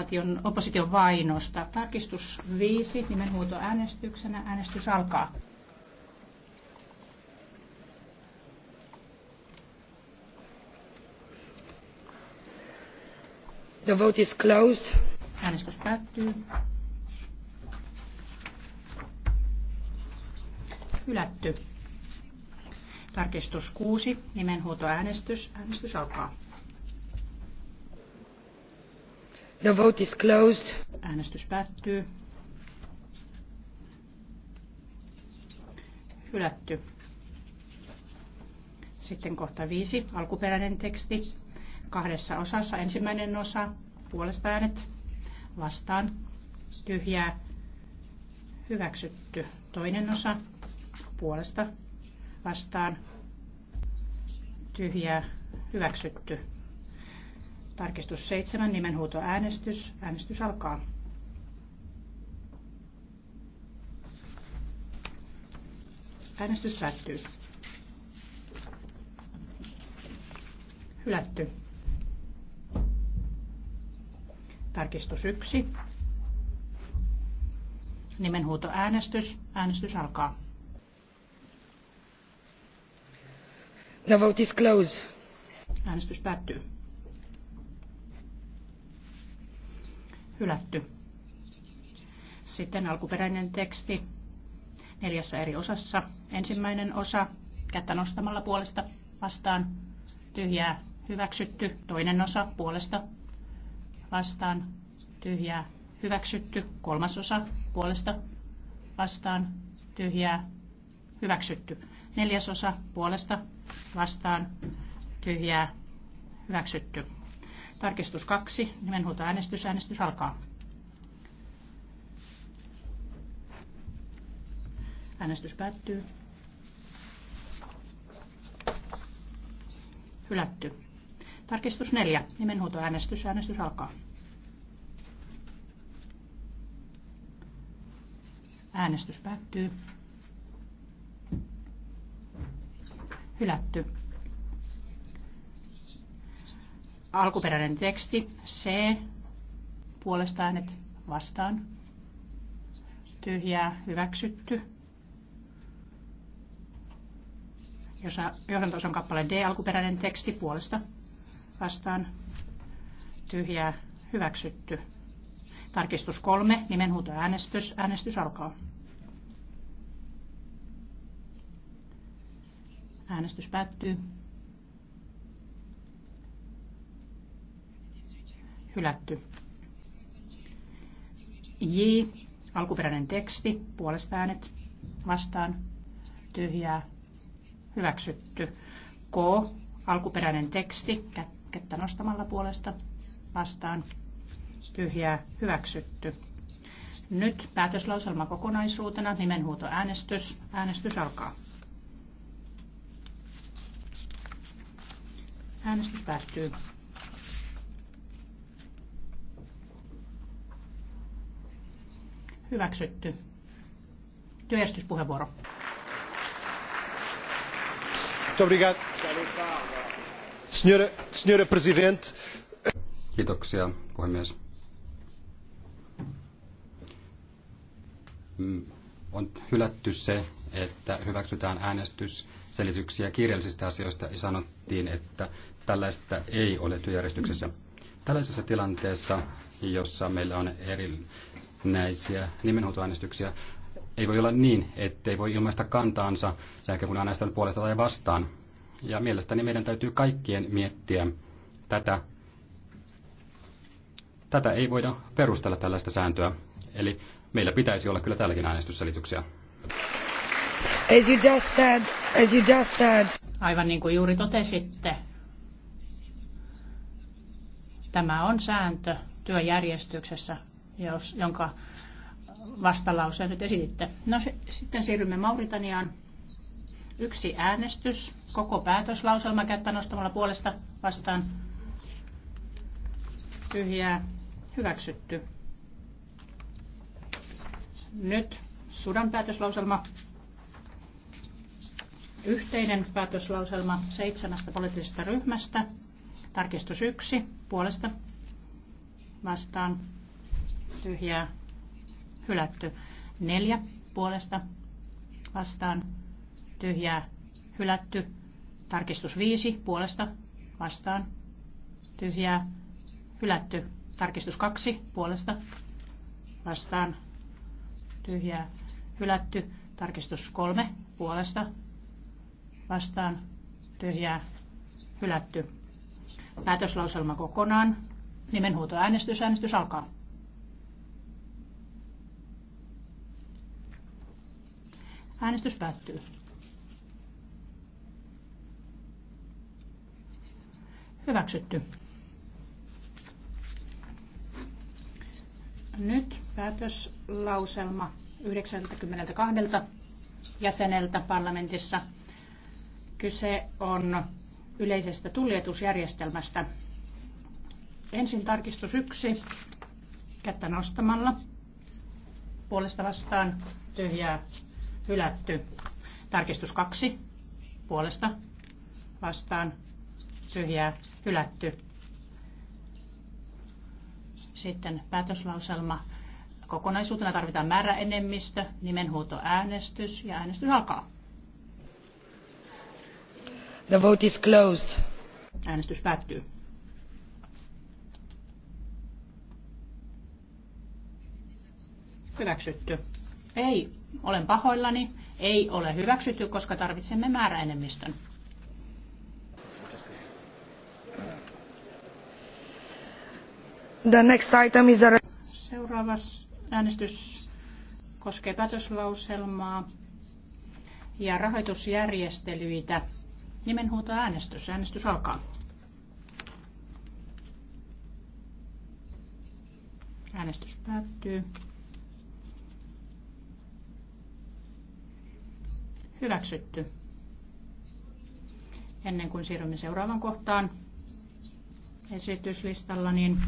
opposition, opposition vainosta. Tarkistus 5, nimenhuuto äänestyksenä. Äänestys alkaa. The vote is closed. Äänestys päättyy. Hylätty. Tarkistus 6, äänestys, Äänestys alkaa. The vote is closed. Äänestys päättyy. Hylätty. Sitten kohta viisi, alkuperäinen teksti. Kahdessa osassa. Ensimmäinen osa, puolesta äänet, vastaan, tyhjää, hyväksytty. Toinen osa, puolesta, vastaan, tyhjää, hyväksytty. Tarkistus 7, nimenhuutoäänestys. Äänestys alkaa. Äänestys päättyy. Hylätty. Tarkistus 1. Nimenhuutoäänestys. Äänestys alkaa. The vote is closed. Äänestys päättyy. hylätty. Sitten alkuperäinen teksti neljässä eri osassa. Ensimmäinen osa kättä nostamalla puolesta vastaan tyhjää hyväksytty. Toinen osa puolesta vastaan tyhjää hyväksytty. Kolmas osa puolesta vastaan tyhjää hyväksytty. Neljäs osa puolesta vastaan tyhjää hyväksytty. Tarkistus kaksi, Nimenhuuto äänestys. Äänestys alkaa. Äänestys päättyy. Hylätty. Tarkistus neljä, Nimenhuuto äänestys. Äänestys alkaa. Äänestys päättyy. Hylätty. Alkuperäinen teksti C. Puolesta äänet vastaan. Tyhjää hyväksytty. Johdantos on kappale D. Alkuperäinen teksti puolesta vastaan. Tyhjää hyväksytty. Tarkistus kolme, nimenhuutoäänestys. Äänestys alkaa. Äänestys päättyy. hylätty. J, alkuperäinen teksti, puolesta äänet, vastaan, tyhjää, hyväksytty. K, alkuperäinen teksti, kättä nostamalla puolesta, vastaan, tyhjää, hyväksytty. Nyt päätöslauselma kokonaisuutena, nimenhuuto äänestys. Äänestys alkaa. Äänestys päättyy. Hyväksytty. Työjärjestyspuheenvuoro. Kiitoksia, puhemies. Mm, on hylätty se, että hyväksytään äänestys selityksiä kirjallisista asioista ja sanottiin, että tällaista ei ole työjärjestyksessä. Tällaisessa tilanteessa, jossa meillä on eri, näisiä nimenhuutoäänestyksiä. Ei voi olla niin, ettei voi ilmaista kantaansa sen kun äänestänyt puolesta tai vastaan. Ja mielestäni meidän täytyy kaikkien miettiä tätä. Tätä ei voida perustella tällaista sääntöä. Eli meillä pitäisi olla kyllä tälläkin äänestysselityksiä. As you just said, as you just said. Aivan niin kuin juuri totesitte, tämä on sääntö työjärjestyksessä jos, jonka vastalause nyt esititte. No se, sitten siirrymme Mauritaniaan. Yksi äänestys, koko päätöslauselma käyttää nostamalla puolesta vastaan. Tyhjää, hyväksytty. Nyt Sudan päätöslauselma. Yhteinen päätöslauselma seitsemästä poliittisesta ryhmästä. Tarkistus yksi puolesta vastaan tyhjää hylätty. Neljä puolesta vastaan tyhjää hylätty. Tarkistus viisi puolesta vastaan tyhjää hylätty. Tarkistus kaksi puolesta vastaan tyhjää hylätty. Tarkistus kolme puolesta vastaan tyhjää hylätty. Päätöslauselma kokonaan. Nimenhuutoäänestys. Äänestys alkaa. Äänestys päättyy. Hyväksytty. Nyt päätöslauselma 92 jäseneltä parlamentissa. Kyse on yleisestä tuljetusjärjestelmästä. Ensin tarkistus yksi kättä nostamalla. Puolesta vastaan tyhjää Hylätty. Tarkistus kaksi. Puolesta. Vastaan. Tyhjää. Hylätty. Sitten päätöslauselma. Kokonaisuutena tarvitaan määräenemmistö, äänestys ja äänestys alkaa. The vote is closed. Äänestys päättyy. Hyväksytty. Ei, olen pahoillani. Ei ole hyväksytty, koska tarvitsemme määräenemmistön. The next item is a... Seuraava äänestys koskee päätöslauselmaa ja rahoitusjärjestelyitä. Nimenhuuto äänestys. Äänestys alkaa. Äänestys päättyy. Hyväksytty. Ennen kuin siirrymme seuraavan kohtaan esityslistalla, niin